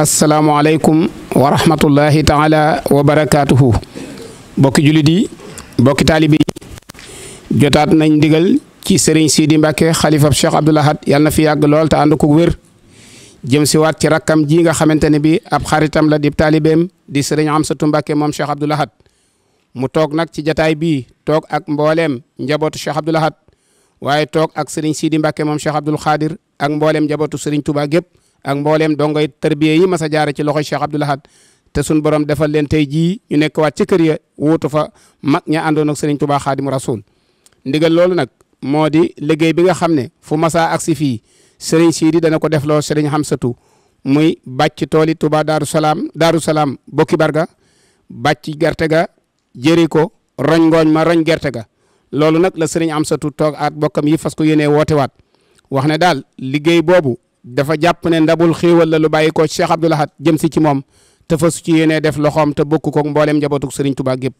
asalaamualeykum wa rahmatullahi taala wa barakaatuhu bokki jullit yi bokki taalibe yi jotaat nañ ndigal ci sëriñ Sidi Mbacke xalifab Cheikh Abdoul Ahad yàlla na fi yàgg lool te ànd ko wér jëm si ci rakkam ji nga xamante ne bi ab xaritam la di taalibeem di sëriñ Amsatou mbake moom Cheikh Abdoul Ahad mu toog nag ci jataay bii toog ak mbooleem njabootu Cheikh Abdoul Ahad toog ak sëriñ Sidi mbake moom Cheikh Abdoul Khadir ak mbooleem jabootu sëriñ Touba gépp ak mbooleem dongoy tarbiya yi mas a jaare ci loxo Cheikh Abdoul Ahad te sun borom defal leen tey jii ñu nekk waat ci kër ya wuutu fa mag ña àndoon ak Serigne Touba Xaadimu Rasul ndigal loolu nag moo di liggéey bi nga xam ne fu masaa ak si fii Serigne Sidi dana ko def loo Serigne Hamsatu muy bàcc tooli Touba Darou Salaam Darou Salaam bokki barga bàcc gerte ga jëri ko roñ ngooñ ma roñ gerte ga loolu nag la Serigne Hamsatu toog aat bokkam yi fas ko yéenee woote waat wax ne daal liggéey boobu dafa jàpp ne ndabul xéewal la lu bàyyi ko Cheikh Abdoul Ahad jëm si ci moom te fasu ci yéenee def loxoom te bokk koog mbooleem njabootug Serigne Touba gépp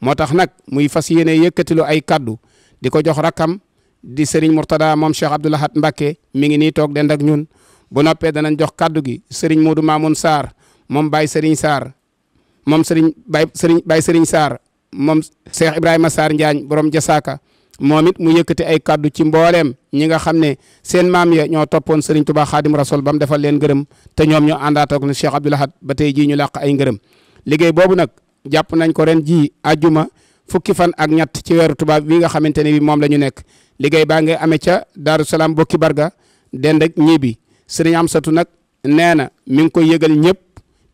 moo tax nag muy fas yéenee yëkkatilu ay kaddu di ko jox rakkam di Serigne Mourtada moom Cheikh Abdoul Ahad Mbacké mi ngi nii toog den ak ñun bu noppee danañ jox kaddu gi Serigne Modou Mamoun saar moom Baye Serigne saar moom Serigne Baye Serigne Baye Serigne Sarr moom Cheikh Ibrahima Sarr Njaañ borom Jasaaka moom it mu yëkkati ay kaddu ci mbooleem ñi nga xam ne seen maam ya ñoo toppoon Serigne Touba Khadim Rasoul ba mu defal leen ngërëm te ñoom ñoo àndaat ak Cheikh Abdoul Ahad ba tey jii ñu làq ay ngërëm liggéey boobu nag jàpp nañ ko reen jii àjjuma fukki fan ak ñett ci weeru tubaab wi nga xamante ne bi moom la ñu nekk liggéey baa nga amee ca Daaru Salaam bokki barga dend ak ñii bi am Amsatu nag nee na mi ngi koy yëgal ñëpp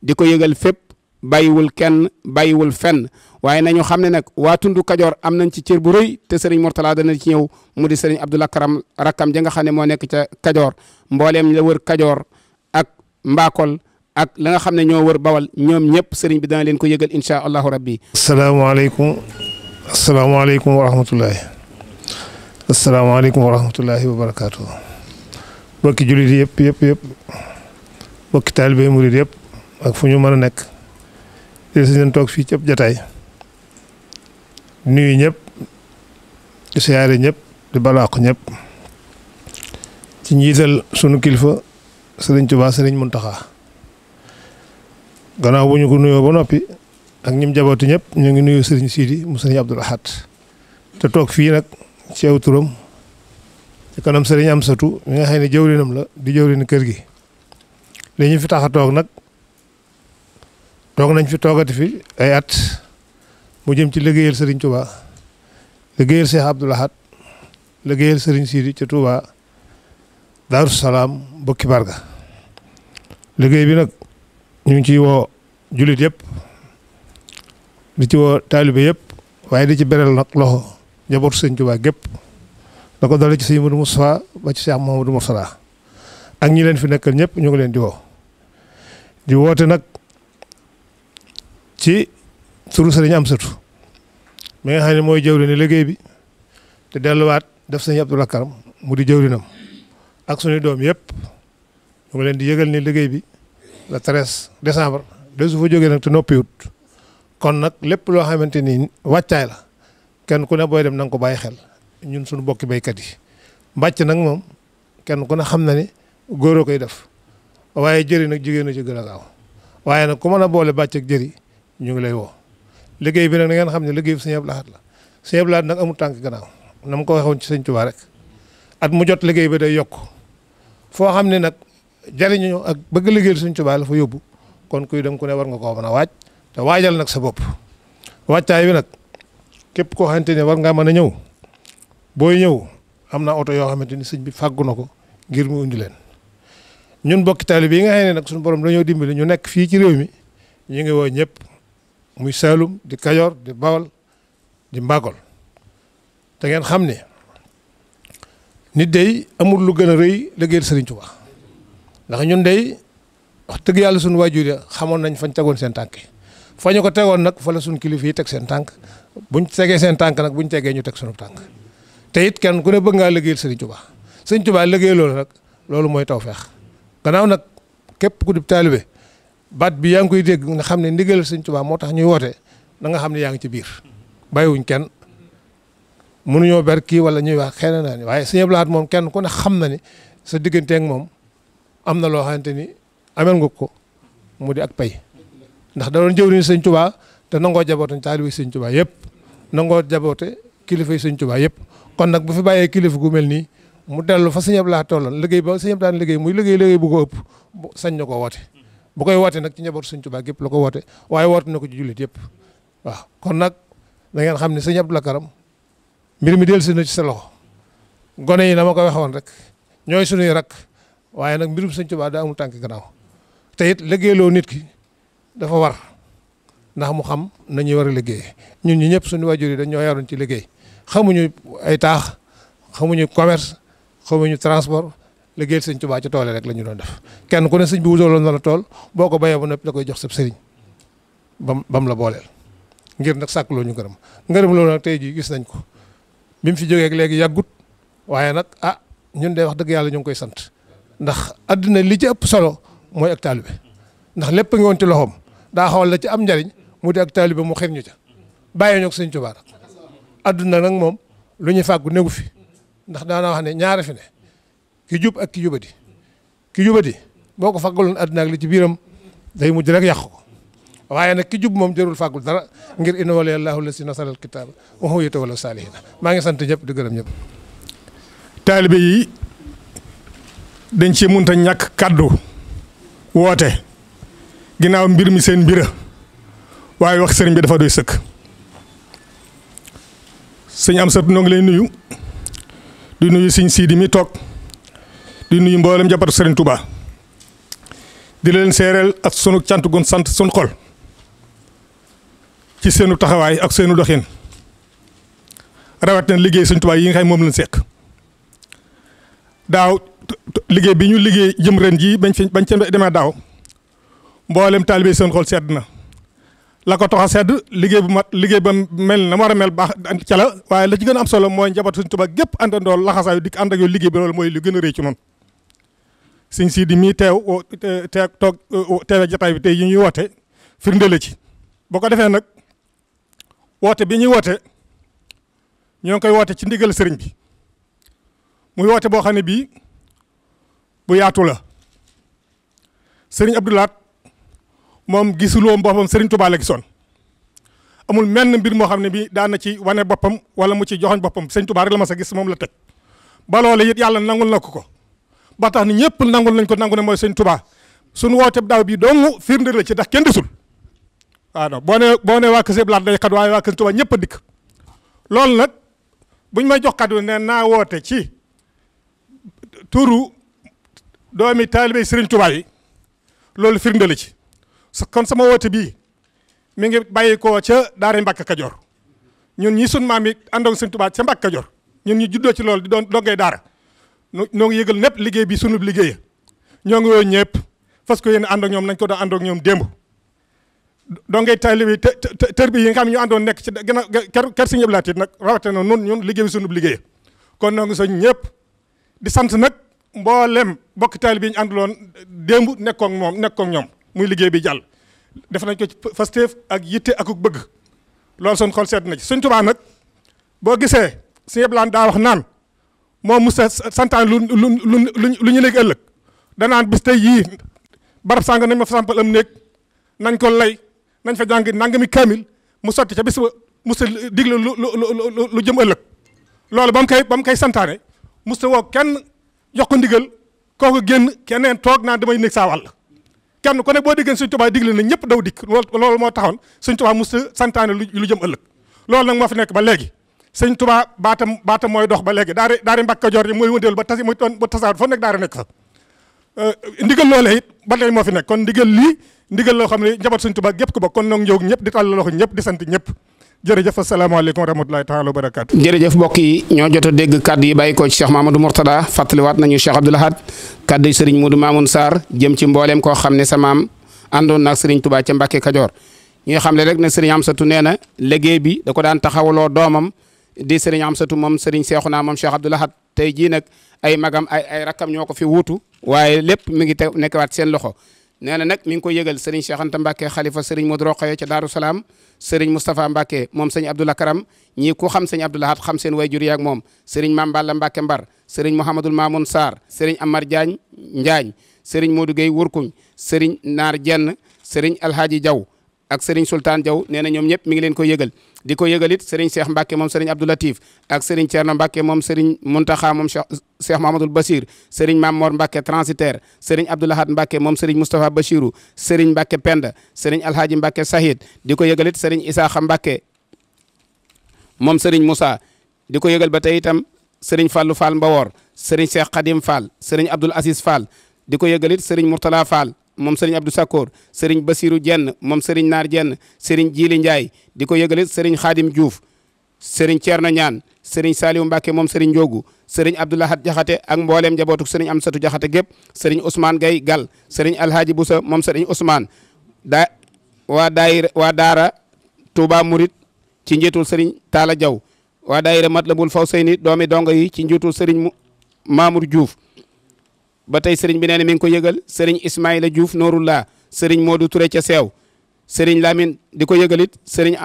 di ko yëgal fépp bàyyiwul kenn bàyyiwul fenn waaye nañu xam ne nag waa tundu kajoor am nañ ci cër bu rëy te sëriñ Mourtala dana ci ñëw mu di sëriñ Abdou Lakram rakkam ja nga xam ne moo nekk ca kajoor mbooleem la wër kajoor ak mbaakol ak la nga xam ne ñoo war bawal ñoom ñëpp sëriñ bi dana leen ko yëgal incha allahu rabbi. asalaamaaleykum asalaamaaleykum wa rahmatullahi asalaamaaleykum wa rahmatullahi wa barakaatu. bokki jullit yëpp yëpp yëpp bokki taalibe murid mën a nekk. di si leen toog fii ci ab jataay nuyu ñëpp di siyaare ñëpp di balaako ñëpp ci njiital sunu kilifa sëriñ Tuubaa sëriñ Muntaxa gannaaw bu ñu ko nuyoo ba noppi ak ñim jabootu ñëpp ñu ngi nuyu sëriñ Sidi mu sëriñ Abdul Ahad te toog fii nag ci aw turam ci kanam sëriñ Amsatu mi nga xam ne jëwrinam la di jëwrin kër gi li ñu fi tax toog nag toog nañ fi toogati fi ay mu jëm ci liggéeyal sëriñ Touba liggéeyal Cheikh Abdou Lahad liggéeyal Serigne Sidi ca Touba Daaru liggéey bi nag ñu ngi ciy woo jullit yëpp di ci woo taalibe yëpp waaye di ci beral nag loxo njabootu Serigne Touba gépp da ko ci Serigne Modou Moustapha ba ci Cheikh Mouhamadou Moustapha ak ñi leen fi nekkal ñëpp ñu ngi leen di woo di woote nag ci turu sëriñ am sëtu mi nga ne mooy jëwriñu liggéey bi te delluwaat def sëriñ Abdou Lakram mu di jëwriñam ak suñu doom yëpp ñu leen di yëgal ni liggéey bi le treize décembre de su jógee nag te noppiwut kon nag lépp loo xamante ni wàccaay la kenn ku ne booy dem na nga ko bàyyi xel ñun suñu bokki béykat yi mbàcc nag moom kenn ku ne xam na ni góor a koy def waaye jëri na jigéen a ci gën a gaaw waaye boole bàcc ak ñu ngi lay woo liggéey bi nag na ngeen xam ne liggéey bi Sëñ Abdou Lahad la Sëñ Abdou Lahad nag amul tànk gannaaw na ma ko waxoon ci Sëñ Tuubaa rek at mu jot liggéey bi day yokk foo xam ne nag jariñu ak bëgg liggéeyal Sëñ Tuubaa la fa yóbbu kon kuy dem ku ne war nga koo mën a waaj te waajal nag sa bopp waajtaay wi nag képp koo xamante ne war ngaa mën a ñëw booy ñëw am na oto yoo xamante ni sëñ bi fàggu na ko ngir mu indi leen ñun bokki taalibe yi nga xam nag suñu borom dañoo dimbali ñu nekk fii ci réew mi ñu ngi woo ñëpp muy Saalum di Kajoor di Bawol di Mbagol te xam ne ni day amul lu gën a rëy liggéeyal Sëriñ Tuubaa ndax ñun day wax dëgg yàlla suñu waajur xamoon nañ fañ tegoon seen tànk fa ko tegoon nag fa la suñu kilifa yi teg seen tànk buñ tegee seen tànk nag buñ tegee ñu teg sunu tànk te kenn ku ne bëgg ngaa liggéeyal Sëriñ Tuubaa Sëriñ Tuubaa liggéey loolu nag loolu mooy tawfeex gannaaw nag képp ku di taalibe baat bi yaa ngi koy dégg nga xam ne ndigal Sëñ Tuubaa moo tax ñuy woote da nga xam ne yaa ngi ci biir bàyyiwuñ kenn mënuñoo ber kii wala ñuy wax xëy na ni waaye Sëñ Abdul Ahad moom kenn ku ne xam na ni sa digganteeg moom am na loo xamante ni amel nga ko mu di ak pay ndax da doon jëwriñ Sëñ Tuubaa te nangoo jaboote taalibi Sëñ Tuubaa yëpp nangoo jaboote kilifa yi Sëñ yëpp kon nag bu fi bàyyee kilifa gu mel nii mu dellu fa Sëñ Abdul Ahad tolloon liggéey ba Sëñ Abdul daan liggéey muy liggéey liggéey bu ko ëpp sañ na ko woote bu koy wootee nag ci njabootu Sëñ Tuubaa gépp la ko woote waaye woote na ko ci jullit yëpp waaw kon nag da ngeen xam ne sëñ Abdou Karam mbir mi dellusi na ci sa loxo gone yi na ma ko waxoon rek ñooy sunuy rak waaye nag mbirum Sëñ Tuubaa daa amul tànk gannaaw te it liggéeyloo nit ki dafa war ndax mu xam nañuy war a liggéey ñun ñëpp suñu waajur yi dañ ñoo yaroon ci liggéey xamuñu ay taax xamuñu commerce xamuñu transport liggéeyal sëñ Tuubaa ci tool rek la ñu doon def kenn ku ne sëñ bi wutaloon na la tool boo ko béyee ba noppi da koy jox sab sëriñ bam bam la booleel ngir nag sàkk loo ñu ngërëm ngërëm loolu tey jii gis nañ ko bi mu fi jógee léegi yàggut waaye nag ah ñun de wax dëgg yàlla ñu ngi koy sant ndax àddina li ci ëpp solo mooy ak taalibe ndax lépp ngi woon ci loxoom daa xawal la ci am njariñ mu di ak taalibe mu xir ñu ca bàyyi ñoo ko sëñ Tuubaa adduna nag moom lu ñuy fàggu néegu fi ndax daanaa wax ne ñaari fi ne ki jub ak ki jubadi ki jubadi boo ko faggaloon àddina li ci biiram day mujj rek yàqu ko waaye nag ki jub moom jërul fàggul dara ngir inna waliya llaahu llazii nasara maa ngi sant ñëpp di gërëm ñëpp. yi dañ ci munta ñàkk kàddu mbir mi seen waaye wax sëriñ bi dafa doy sëkk sëñ am sat noo ngi lay nuyu di nuyu sëñ siidi mi toog. di nuyu mboolem njabootu Serigne Touba leen seereel ak sunu cant gun sant sunu xol ci seenu taxawaay ak seenu doxin rawat na liggéey Serigne Touba yi nga xam moom lañ seq daaw liggéey bi ñu liggéey jëm ren jii bañ fi bañ ca demee daaw mboolem taalibe seen xol sedd na. la ko tax a sedd liggéey bu mat liggéey ba mel na war a mel baax ca la waaye la ci a am solo mooy njaboot Sëriñ Tuubaa gépp àndandoo laxasaayu dikk ànd ak liggéey bi loolu mooy li gën a rëy ci noonu sëñ Sidi mii teew teew toog teewe jataay bi tey yi ñuy woote firnde ci boo ko defee nag woote bi ñuy woote ñoo ngi koy woote ci ndigal sëriñ bi muy woote boo xam ne bii bu yaatu la sëriñ Abdou Lahad moom gisuloo boppam sëriñ Touba la gisoon amul menn mbir moo xam ne bii daan na ci wane boppam wala mu ci joxoñ boppam sëriñ Touba la ma sa gis moom la teg ba loola yàlla nangul na ko ba tax ni ñëpp nangul nañ ko nangu ne mooy sëñ Touba suñu woote daaw bi dong firnde la ci ndax kenn desul waaw non boo nee boo nee waa Kër Sëblaat day xat waaye waa Kër Touba ñëpp dikk loolu nag buñ may jox kàddu ne naa woote ci turu doomi taalibe Serigne Touba yi loolu firnde ci ci kon sama woote bii mi ngi bàyyi koo ca Daara Mbacke Kajoor ñun ñi sunu maam yi àndoon Serigne Touba ca Mbacke Kajoor ñun ñu juddoo ci loolu di doon dongee Daara. noo ngi yëgal népp liggéey bi sunub liggéey ñoo ngi woo ñëpp fas ko yéen ànd ak ñoom nañ ko doon ànd ak ñoom démb dongay taalibe tër bi yi nga xam ne ñu àndoon nekk ci gën a ker si ñëpp laatiit nag rawatina nun ñun liggéey bi sunub liggéey kon noo ngi soñ ñëpp di sant nag mboolem bokk taalibe yi ñu ànduloon démb nekkook moom nekkook ñoom muy liggéey bi jàll def nañ ko ci fasteef ak yitte ak bëgg lool son xol sedd na ci suñ tubaa nag boo gisee si wax naan moo Moussa santaan lu lu lu lu ñu léegi ëllëg danaan bis tey yii barab sàng nañ ma fa sampal am néeg nañ ko lay nañ fa nanga mi kaamil mu sotti ca bis ba Moussa digle lu lu lu jëm ëllëg loolu ba mu koy ba koy santaane Moussa woo kenn jox ko ndigal kooku génn keneen toog naan damay nekk saa wàll kenn ku ne boo déggee suñ tubaab digle na ñëpp daw dikk loolu moo taxoon suñ tubaab Moussa santaane lu jëm ëllëg loolu nag moo fi nekk ba léegi. sëñ Tuubaa baatam baatam mooy dox ba léegi daari daari Mbàkke Kajoor mooy wëndeelu ba tasi muy doon ba tasaar foo nekk daara nekk fa eh, ndigal loolee ba tey moo fi nekk kon ndigal lii ndigal loo xam ne njaboot sëñ Tuubaa gépp ko bokk kon noog ñëw ñëpp di tàll loxo ñëpp di sant ñëpp jërëjëf asalaamaaleykum wa rahmatulahi taala wa barakaatu jërëjëf mbokk yi ñoo jot a dégg kàddu yi bàyyi ko ci Cheikh Mamadou Mourtada fàttaliwaat nañu Cheikh Abdoul Ahad kàddu yi sëriñ Modou Mamoun Sarr jëm ci mbooleem koo xam ne sa maam àndoon naag sëriñ Tuubaa ca Mbàkke Kajoor ñuy xam ne rek ne sëriñ Amsatu nee na liggéey bi da ko daan taxawaloo doomam di sëriñ Amsatu moom sëriñ Seexuna moom Cheikh Abdoul Ahad tey jii nag ay magam ay ay rakkam ñoo ko fi wuutu waaye lépp mi ngi te nekkewaat seen loxo nee na nag mi ngi koy yëgal sëriñ Cheikh Anta Mbacke xalifa sëriñ Modou Rokhaya ca Daaru Salaam sëriñ Moustapha Mbacke moom sëñ Abdoul Karam ñii ku xam sëñ Abdoul Ahad xam seen wayjur yaak moom sëriñ Mame Balla Mbacke Mbar sëriñ Mouhamadul Mamoun saar sëriñ Amar Diagne Njaañ sëriñ Modou Gueye Wurkuñ sëriñ Naar Jenn sëriñ Alhaaji Jaw ak Serigne Sultan Diaw nee na ñoom ñëpp mi ngi leen ko yëgal di ko yëgal it Serigne Cheikh moom Serigne Abdou Latif ak Serigne Thierno Mbacke moom Serigne Mountakha moom Cheikh Mahamadoul Bassir Serigne Mame Mor Mbacke transitaire Serigne Abdou Lahad Mbacke moom Serigne Moustapha Bachirou Serigne Mbacke di ko yëgal it Serigne Isaaxa Mbacke moom Serigne Moussa di ko yëgal ba tey itam Serigne Fallou Fall Mbawor Serigne Cheikh Khadim Fall Serigne Abdoul Aziz Fall di ko yëgal moom sëriñ Abdou Sakkoor sëriñ Basirou Jenn moom sëriñ Naar Jenn sëriñ Jiili Ndiaye di ko yëgale sëriñ Xaadim seriñ sëriñ Thierno Ñaan sëriñ Saliou Mbacke moom sëriñ Ndiogu sëriñ Abdoulahat Jaxate ak mbooleem njabootuk sëriñ Amsatu Jaxate gépp sëriñ Ousmane Gay Gal sëriñ Alhaaji Boussa moom sëriñ Ousmane daa waa daayira waa daara Touba Murit ci njiitul sëriñ Taala Jaw waa daayira Matlabul Fawsayni doomi dongo yi ci njiitul sëriñ Mamour Diouf ba tey sëriñ bi nee na mi ngi ko yëgal sëriñ Ismaïla Diouf Noorullah sëriñ Modou Touré ca seew sëriñ Lamine di ko yëgalit sëriñ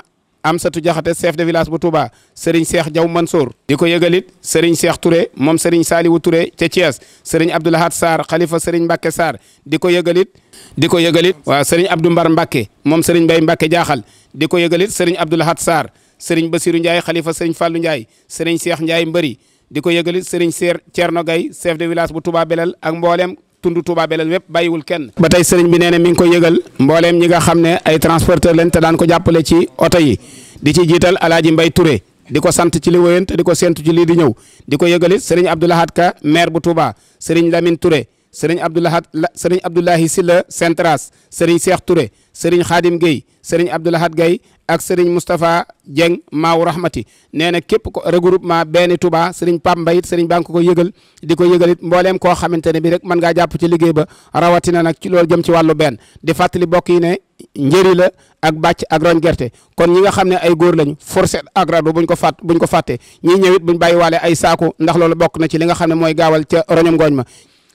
Amsatu Jaxate chef de village bu Touba sëriñ Cheikh Diaw Mansour di ko yëgalit sëriñ Cheikh Touré moom sëriñ Saliwu Touré ca Thiès sëriñ Abdoulahad Sarr xalifa sëriñ Mbacke Sarr di ko yëgalit di ko yëgalit waaw sëriñ Abdou Mbar Mbacke moom sëriñ Mbay Mbacke jaaxal di ko yëgalit sëriñ Abdoulahad Sarr sëriñ Basirou Ndiaye xalifa sëriñ Fallou Ndiaye sëriñ Cheikh Ndiaye Mbëri di ko yëgali Serigne Seer Thierno Gaye chef de village bu Touba Belel ak mboolem tund Touba Belel wépp bàyyiwul kenn. ba tey Serigne bi nee na mi ngi koy yëgal mbooleem ñi nga xam ne ay transporteur lañ te daan ko jàppale ci oto di ci jiital Alaaji Mbay ture di ko sant ci li wéyante di ko séntu ci lii di ñëw di ko yëgali Serigne Abdoulahad Ka maire bu Touba Serigne Lamine Touré. sëriñ Abdoulahat sëriñ Abdoulahi Silla Sentras sëriñ Cheikh Touré sëriñ Khadim Gueye sëriñ Abdoulahat Gueye ak sëriñ Moustapha Dieng Maaw Rahmati nee na képp ko regroupement benn Touba sëriñ Pape Mbaye it sëriñ baa ngi ko yëgal di ko yëgal it mbooleem koo xamante ne bi rek mën ngaa jàpp ci liggéey ba rawatina nag ci loolu jëm ci wàllu benn di fàttali bokk yi ne njëri la ak bacc ak roñ gerte kon ñi nga xam ne ay góor lañu force ak rado buñ ko fàtt buñ ko fàtte ñii ñëwit buñ bàyyi waale ay saako ndax loolu bokk na ci li nga xam ne mooy gaawal ca roñom gooñ ma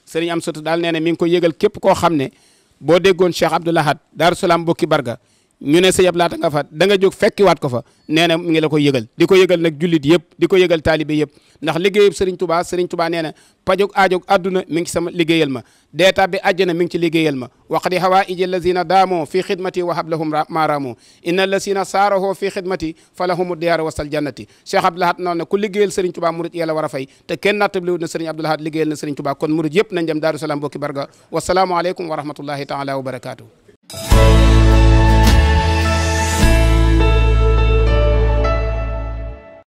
sëriñ am sotu daal nee na mi ngi ko yëgal képp koo xam ne boo déggoon Cheikh Abdoul Ahad Daaru Salaam bokki barga ñu ne sëñ Abdou Lahat nga fa da nga jóg fekkiwaat ko fa nee na mu ngi la ko yëgal di ko yëgal nag jullit yëpp di ko yëgal taalibe yëpp ndax liggéeyub Serigne Touba Serigne Touba nee na pajog aajog adduna mi ngi ci sama liggéeyal ma dee tabbi àjjana mi ngi ci liggéeyal ma waqdi hawaa'iji allazina daamoo fi xidmati wa hablahum ma raamoo inna allazina saarahoo fi xidmati falahumu diyaara wasal jannati Cheikh Abdou Lahat noonu ne ku liggéeyal Serigne Touba murid yàlla war a fay te kenn nattabliwut na Serigne Abdou Lahat liggéeyal na Serigne Touba nañ dem Daaru Salaam bokki barga wasalaamu aleykum wa rahmatullahi taala wa